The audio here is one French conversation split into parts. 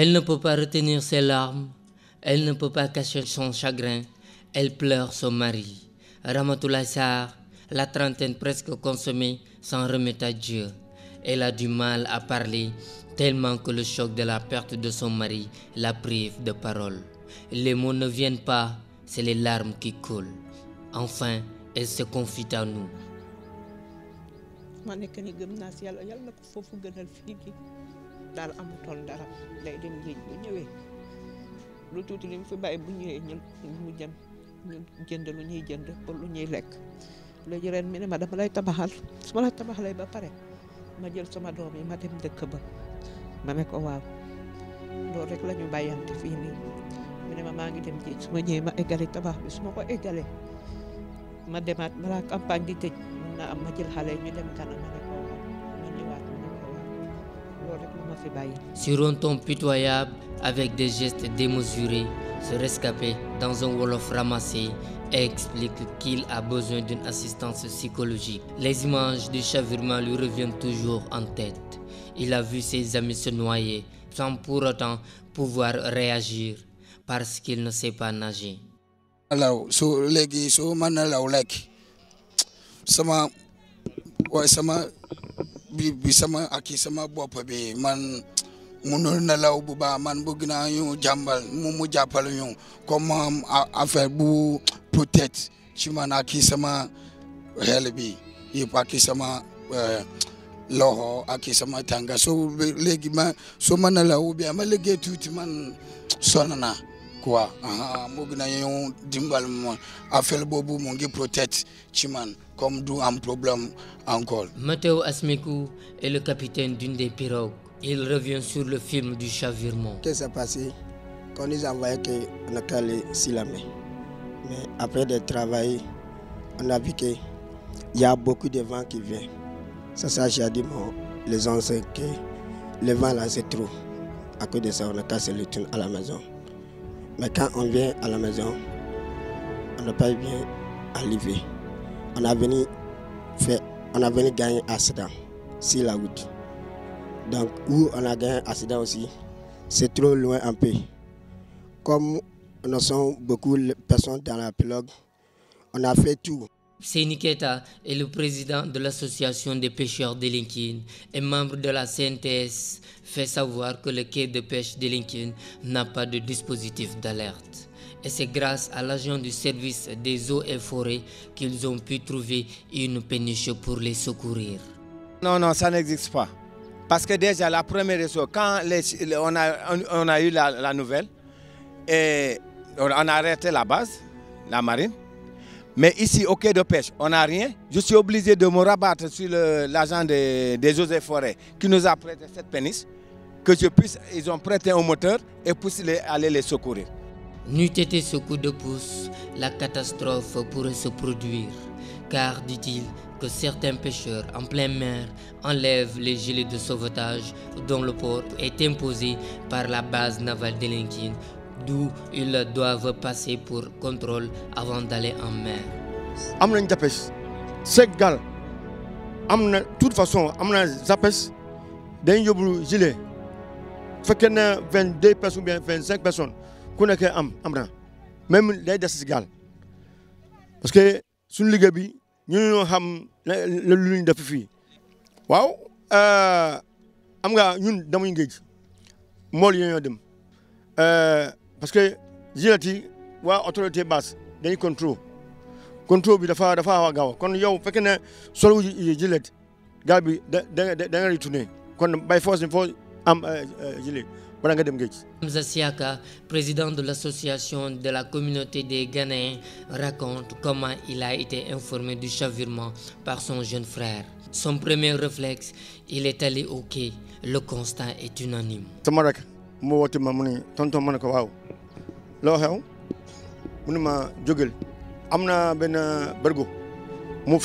Elle ne peut pas retenir ses larmes, elle ne peut pas cacher son chagrin, elle pleure son mari. Ramatoulaye la trentaine presque consommée, s'en remet à Dieu. Elle a du mal à parler, tellement que le choc de la perte de son mari la prive de parole. Les mots ne viennent pas, c'est les larmes qui coulent. Enfin, elle se confie à nous. daal amutoon dara day dem géej bu ñëwee lu tuuti li mu fi bàyyi bu ñëwee ñun mu jëm ñun jënd lu ñuy jënd pour lu ñuy ren ma dama lay tabaxal ba pare ma jël sama doom yi ma dem dëkk ba ma ne ko waaw loolu rek la ñu bàyyante fii ma ngi dem géej su ma ñëwee ma eggale tabax bi su ko eggalee ma campagne di tëj na naa am ma jël xale ñu dem kanam Sur un ton pitoyable, avec des gestes démesurés, se rescapé, dans un Wolof ramassé, et explique qu'il a besoin d'une assistance psychologique. Les images du chavirement lui reviennent toujours en tête. Il a vu ses amis se noyer sans pour autant pouvoir réagir parce qu'il ne sait pas nager. Alors, bi bi sama ak bi man munul law bu ba man bëgg jambal ñu jàmbal mu mu jàppal ñu comme affaire bu peut-être ci man ak sama xel bi yëpp ak sama euh, loho ak sama tanga so léegi ma soo bi ma liggéey tuuti man sonna quoi bëgg naa dimbal ma affaire bobu mu ngi peut-être man comme d'où un problème encore. Matteo Asmiku est le capitaine d'une des pirogues. Il revient sur le film du chavirement. Qu'est-ce qui s'est passé Quand nous avons envoyé que le calé Mais après de travailler, on a vu qu'il y a beaucoup de vent qui vient. Ça, ça, j'ai dit, les anciens que le vent là, c'est trop. À cause de ça, on a cassé le tunnel à la maison. Mais quand on vient à la maison, on n'a pas bien arrivé on a venu gagner on a venu gagner accident sur la route. Donc où on a gagné accident aussi, c'est trop loin un peu. Comme nous sommes beaucoup de personnes dans la pilogue, on a fait tout. Seniketa est le président de l'association des pêcheurs de Lincoln et membre de la CNTS fait savoir que le quai de pêche de Lincoln n'a pas de dispositif d'alerte et c'est grâce à l'agent du service des eaux et forêts qu'ils ont pu trouver une péniche pour les secourir. Non, non, ça n'existe pas. Parce que déjà, la première chose, quand on, a, eu la, nouvelle, on a arrêté la base, la marine, mais ici, au quai de pêche, on n'a rien. Je suis obligé de me rabattre sur l'agent des, eaux et forêts qui nous a prêté cette péniche, que je puisse, ils ont prêté un moteur et puisse aller les secourir. N'eût été ce coup de pouce, la catastrophe pourrait se produire, car, dit-il, que certains pêcheurs en pleine mer enlèvent les gilets de sauvetage dont le port est imposé par la base navale de d'Elenkin, d'où ils doivent passer pour contrôle avant d'aller en mer. toute façon personnes ou bien personnes ku nekk am am na même day des si gaal parce que suñu liggéey bi ñu ñoo xam la lu ñu def fii waaw euh, am nga ñun demuñu géej mool yi ñoo euh, parce que jilati waa autorité basse dañuy contrôle contrôle bi dafa dafa xaw a gaaw kon yow bu fekkee ne solo jilet gaal bi da da da kon bay force il faut am jilet euh, wala nga dem Siaka président de l'association de la communauté des Ghanéens raconte comment il a été informé du chavirement par son jeune frère. Son premier réflexe il est allé au quai le constat est unanime. Je suis mu woote ma mu ko waaw loo xew mu ne ma jógal am na benn uh, bërgo mu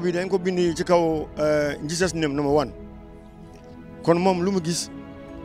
bi dañ ko bindi ci kaw njiitas nem na wan kon mom lu mu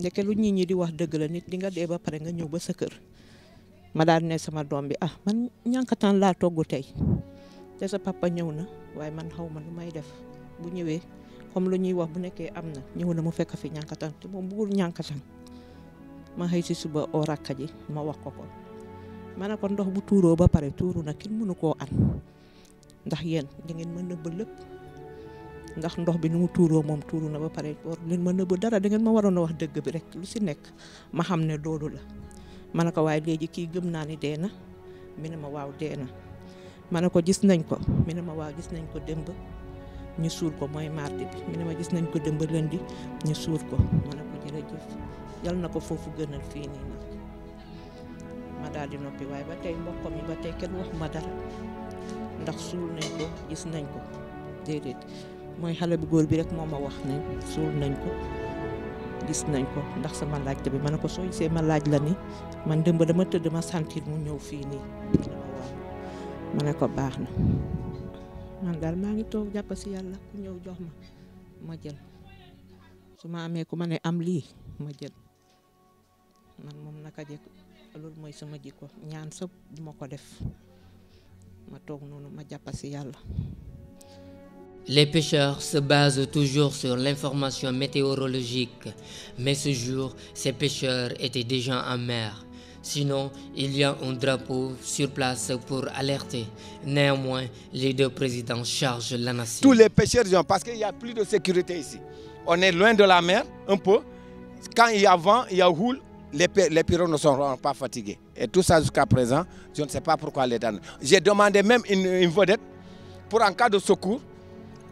ndeke lu nit ñi di wax dëgg la nit di nga dee ba pare nga ñëw ba sa kër ma daal ne sama doom bi ah man ñànkataan laa togg tey te sa papa ñëw na waaye man xaw ma lu may def bu ñëwee comme lu ñuy wax bu nekkee am na ñëw na mu fekk fi ñànkataan te moom bëggul ñànkataan ma xëy si suba oo rakka ji ma wax ko ko ma ne ko ndox bu tuuroo ba pare tuuru na ki mënu koo an ndax yéen da ngeen mën nëbb lépp ndax ndox bi nu mu tuuroo moom tuuru na ba pare war ngeen ma nëbb dara da ngeen ma waroon a wax dëgg bi rek lu si nekk ma xam ne loolu la ma ne ko waaye léegi kii gëm naa ni dee na mi ne ma waaw dee na ma ne ko gis nañ ko mi ne ma waaw gis nañ ko démb ñu suur ko mooy mardi bi ne gis nañ ko démb lundi ñu suur ko ma ne ko jërëjëf yal na ko foofu gënal fii nii nag ma daal di noppi waaye ba tey mbokk mi ba tey kenn wax dara ndax suur nañ ko gis nañ ko déedéet mooy xale bu góor bi rek moo ma wax ne suul nañ ko gis nañ ko ndax sama laajte bi ma ne ko soo gisee ma laaj la ni man dëmb dama tëdd ma sentir mu ñëw fii nii dama ma ne ko baax na man daal maa ngi toog jàpp si yàlla ku ñëw jox ma ma jël su ma amee ku ma ne am lii ma jël man moom naka jekk loolu mooy sama jikko ñaan sa duma ko def ma toog noonu ma jàpp si Les pêcheurs se basent toujours sur l'information météorologique, mais ce jour, ces pêcheurs étaient déjà en mer. Sinon, il y a un drapeau sur place pour alerter. Néanmoins, les deux présidents chargent la nation. Tous les pêcheurs parce qu'il n'y a plus de sécurité ici. On est loin de la mer, un peu. Quand il y a vent, il y a houle, les, les ne sont pas fatigués. Et tout ça jusqu'à présent, je ne sais pas pourquoi les dames. J'ai demandé même une, vedette pour un cas de secours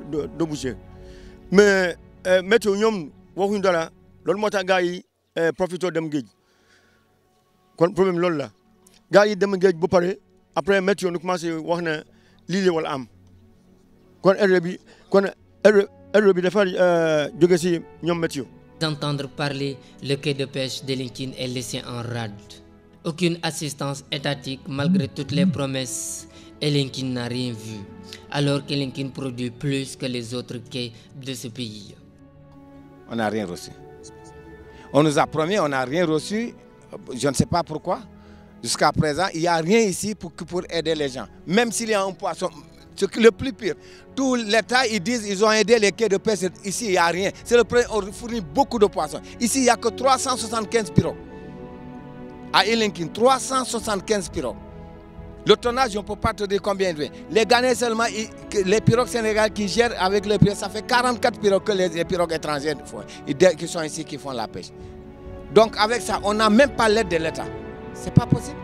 de monsieur. mais euh, météo ñoom waxuñu dara le moo tax gars yi euh, profité dem géej kon problème loolu la gars yi dem géej ba après météo nous commencé wax ne lii la quand am kon erreur kon erreur erreur bi euh, D'entendre parler, le quai de pêche de Linkin est laissé en rade. Aucune assistance étatique malgré toutes les promesses Elenkin n'a rien vu, alors qu'Elinkin produit plus que les autres quais de ce pays. On n'a rien reçu. On nous a promis, on n'a rien reçu. Je ne sais pas pourquoi. Jusqu'à présent, il n'y a rien ici pour, pour aider les gens. Même s'il y a un poisson, le plus pire, tout l'État, ils disent qu'ils ont aidé les quais de pêche. Ici, il n'y a rien. C'est le premier, on fournit beaucoup de poissons. Ici, il n'y a que 375 pirogues. À Elenkin, 375 pirogues. Le tonnage, on ne peut pas te dire combien il de Les Ghanais seulement, les pirogues sénégalais qui gèrent avec les pirogues, ça fait 44 pirogues que les, pirogues étrangères font, qui sont ici, qui font la pêche. Donc avec ça, on n'a même pas l'aide de l'État. Ce n'est pas possible.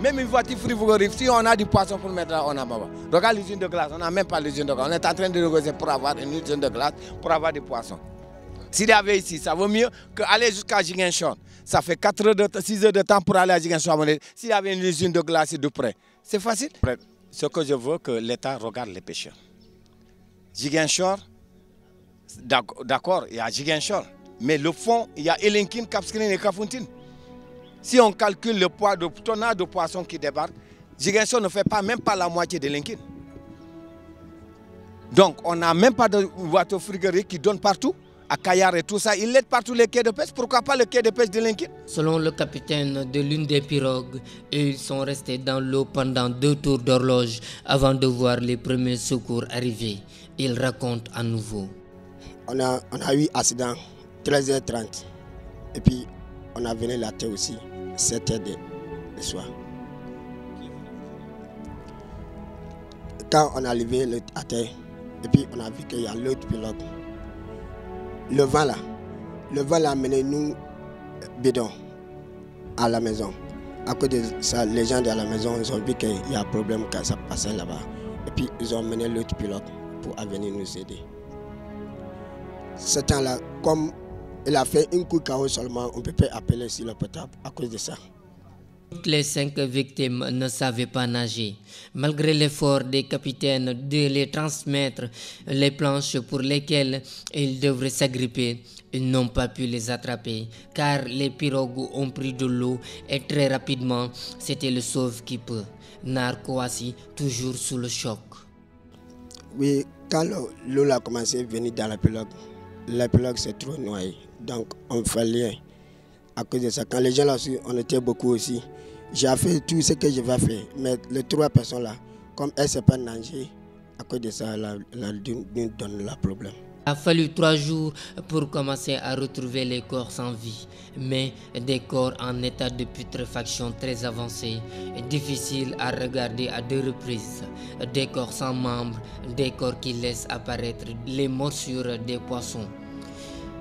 Même une voiture frigorifique, si on a du poisson pour mettre là, on a pas. Regarde l'usine de glace, on n'a même pas l'usine de glace. On est en train de négocier pour avoir une usine de glace, pour avoir du poisson. S'il y avait ici, ça vaut mieux qu'aller jusqu'à Jigenshon. Ça fait 4 6 heures de temps pour aller à Jigenshon. S'il y avait une usine de glace de près, c'est facile. Ce que je veux, que l'État regarde les pêcheurs. Jigenshore, d'accord, il y a Jigenshore. Mais le fond, il y a Elinkin, Capscreen et Kafontine. Si on calcule le poids de tonnage de poissons qui débarque, Jigenshore ne fait pas même pas la moitié de Linkin. Donc, on n'a même pas de voiture frigorifique qui donne partout à Kayar et tout ça. Ils l'aident partout les quais de pêche. Pourquoi pas le quai de pêche de Lincoln Selon le capitaine de l'une des pirogues, ils sont restés dans l'eau pendant deux tours d'horloge avant de voir les premiers secours arriver. Il raconte à nouveau. On a, on a eu accident 13h30 et puis on a venu la terre aussi 7h soir. Quand on a levé le, terre, et puis on a vu qu'il y a l'autre pirogue, le vent là, le vent l'a amené nous bidon à la maison. À cause de ça, les gens de la maison, ils ont vu qu'il y a un problème quand ça passait là-bas. Et puis, ils ont amené l'autre pilote pour venir nous aider. Ce temps-là, comme il a fait une coup de seulement, on ne peut pas appeler sur le potable à cause de ça. Toutes les cinq victimes ne savaient pas nager. Malgré l'effort des capitaines de les transmettre les planches pour lesquelles ils devraient s'agripper, ils n'ont pas pu les attraper car les pirogues ont pris de l'eau et très rapidement, c'était le sauve qui peut. Narcoasi, toujours sous le choc. Oui, quand l'eau a commencé à venir dans la pirogue, la pirogue s'est trop noyée. Donc, on fallait à cause de ça. Quand les gens là on était beaucoup aussi. J'ai fait tout ce que je vais faire. Mais les trois personnes là, comme elles ne sont pas nager, à cause de ça, la, la, nous donne le problème. Il a fallu trois jours pour commencer à retrouver les corps sans vie, mais des corps en état de putréfaction très avancé, difficile à regarder à deux reprises, des corps sans membres, des corps qui laissent apparaître les morsures des poissons.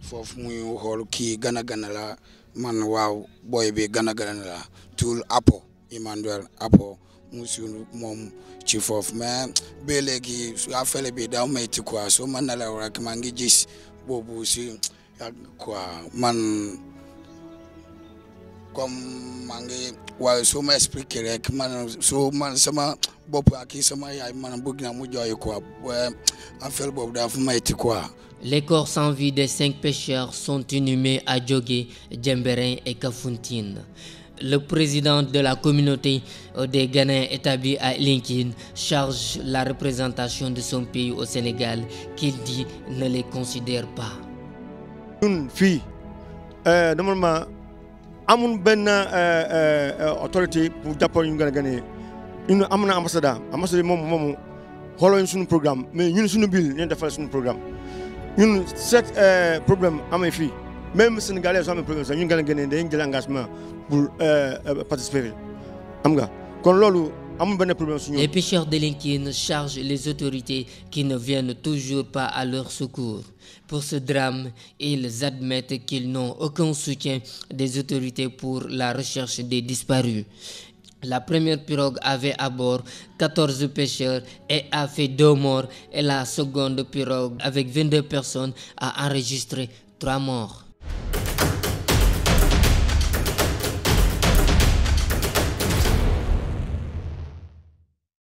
foofu muy xool kii gana gana la man waaw booy bi gana gana la tuul Apo Emmanuel Apo mu suñu moom ci foofu mais ba léegi affaire bi daa métti quoi soo ma nelaw rek maa ngi gis boobu si quoi man. Les corps sans vie des cinq pêcheurs sont inhumés à Djogé, Djemberin et Kafountine. Le président de la communauté des Ghanais établi à Linkin charge la représentation de son pays au Sénégal qu'il dit ne les considère pas. Une fille, euh, normalement, amul benn euh, euh, euh, autorité pour jàppale ñu gën a gënee ñun am na ambassadeur ambassadeur moom moomu xooloo ñu suñu programme mais ñun suñu biir ñu defal suñu programme ñun cet problème amee fii même sénégalais soo amee problème sax ñun gën a gënee dañuy jël engagement pour participer am nga kon loolu. Les pêcheurs délinquants chargent les autorités qui ne viennent toujours pas à leur secours. Pour ce drame, ils admettent qu'ils n'ont aucun soutien des autorités pour la recherche des disparus. La première pirogue avait à bord 14 pêcheurs et a fait deux morts et la seconde pirogue avec 22 personnes a enregistré trois morts.